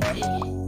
Bye.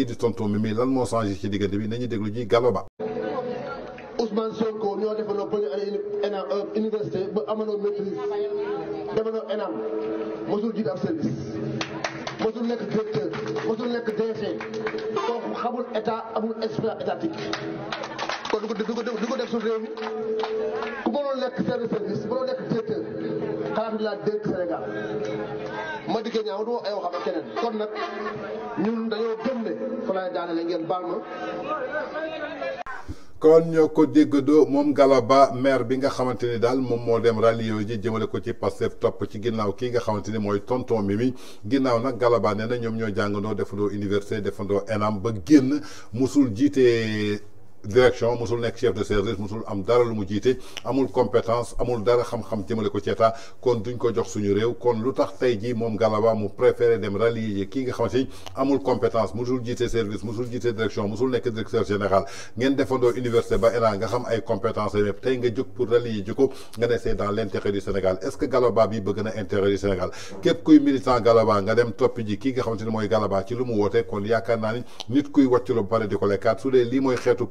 kii di tonton Mimi lan moo changé ci diggante bi nañu déglu ji Gallo Ba. Ousmane Sonko ñoo defandoo ba ñu année université ba amandoo maîtrise defandoo ENAM mosul jiit ab service mosul nekk directeur mosul nekk DG kooku xamul état réew mi ku mënoon nekk service service mënoon nekk directeur xalaat bi laa dénk Sénégal ma diggee ñaaw du ay waxam ak keneen kon nag ñun dañoo gëm ne. fa laay daanale ngeen baal ma kon ñoo ko déggandoo moom Galaba maire bi nga xamante ni daal moom moo dem rallye ji jëmale ko ci Pastef topp ci ginnaaw kii nga xamante ni mooy tonton Mimi ginnaaw nag galabaa nee na ñoom ñoo jàngandoo defandoo université defandoo ENAM ba génn mosul jiitee direction musul nekk chef de service musul am dara lu mu jité amul compétence amul dara xam-xam jëmale ko ci état kon duñ ko jox suñu réew kon lutax tay ji mom Galaba mu préférer dem rallier yi nga xamante ni amul compétence musul jité service musul jité direction musul nekk directeur général ngeen defando université ba era nga xam ay compétence la tay nga jóg pour rallier ji nga ne c'est dans l'intérêt du Sénégal est-ce que Galaba bi bëgg na intérêt du Sénégal képp kuy militant Galaba nga dem toppi ji ki nga xamante ni mooy Galaba ci lu mu woté kon yaakaar na ni nit kuy wàcc lu bari pare di ko lekkaat su dee lii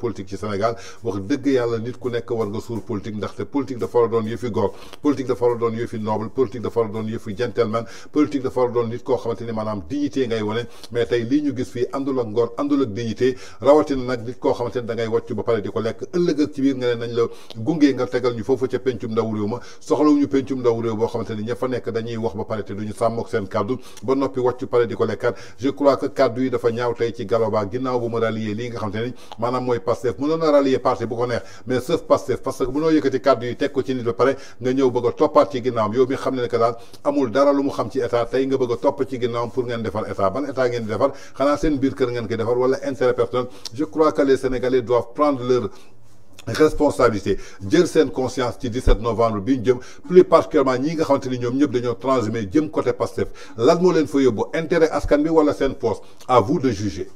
politique politique ci Sénégal wax dëgg yàlla nit ku nekk war nga suur politique ndaxte politique dafa war a doon yëfi góor politique dafa war doon yëfi noble politique dafa war doon yëfi gentleman politique dafa war doon nit koo xamante ni nit koo mooy passé Pastef mënoon na rallier parti bu ko neex mais sauf Pastef parce que mënoo yëkëti cadre yu tek ko ci nit ba paré nga ñëw bëgg a toppaat ci ginnaawam yow mi xam que daal amul dara lu mu xam ci état tay nga bëgg top ci ginnaawam pour ngeen defar état ban état ngeen di defar xanaa seen biir kër ngeen ko defar wala intérêt personnel je crois que les Sénégalais doivent prendre leur responsabilité jël seen conscience ci 17 novembre bi ñu jëm plus particulièrement ñi nga xamante ni ñoom ñëpp dañoo transhumé jëm côté Pastef lan moo leen fa yóbbu intérêt askan bi wala seen poste à vous de juger